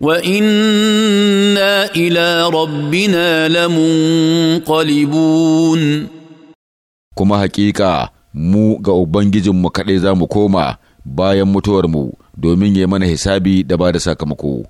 وانا الى ربنا لمنقلبون kuma haƙiƙa mu ga ubangijinmu kaɗai za mu koma bayan mutuwarmu domin ya mana hisabi da ba da sakamako